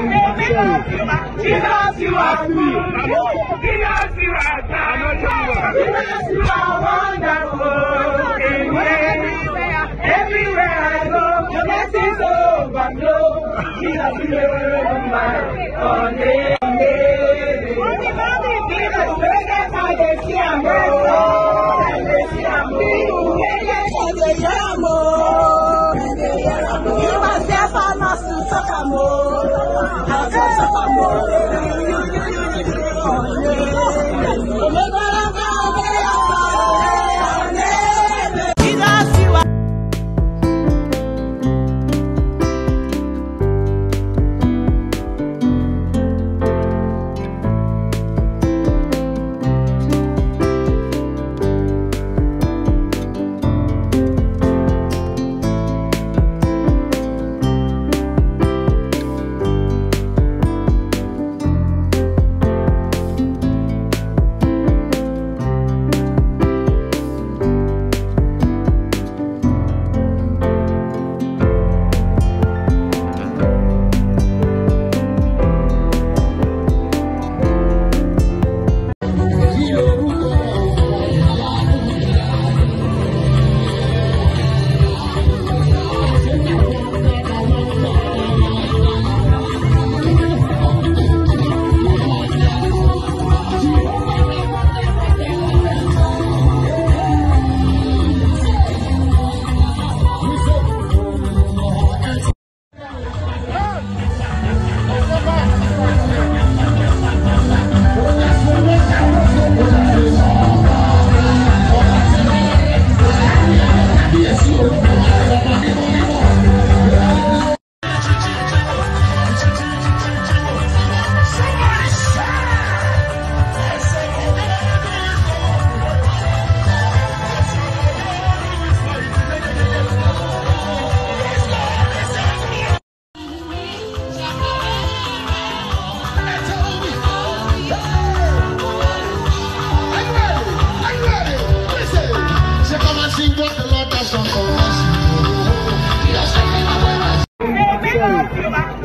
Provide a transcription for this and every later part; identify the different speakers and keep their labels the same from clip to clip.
Speaker 1: Jesus, you are me.
Speaker 2: Jesus, you are God. Jesus, you are wonderful. Everywhere, everywhere I go, your blessings overflow. Jesus, you are my only. Yeah, 加油！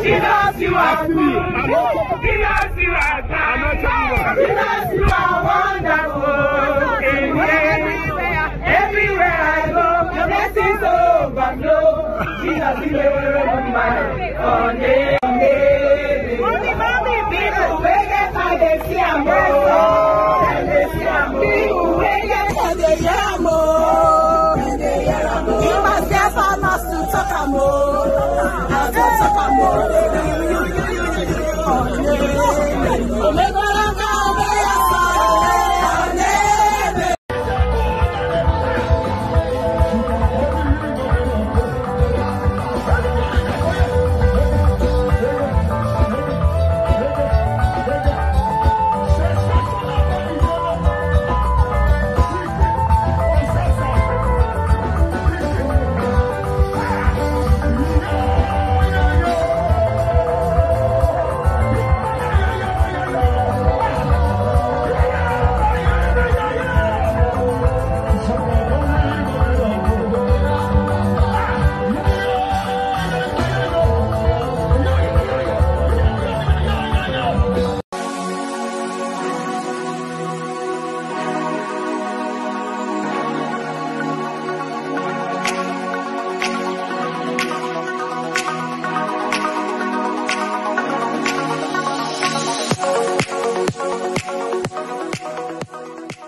Speaker 2: Ina siwa cool. Ina siwa kind. you are wonderful. everywhere, everywhere I go, your blessings overflow. Ina siwa wonderful. acabou. Acabou. Comemorando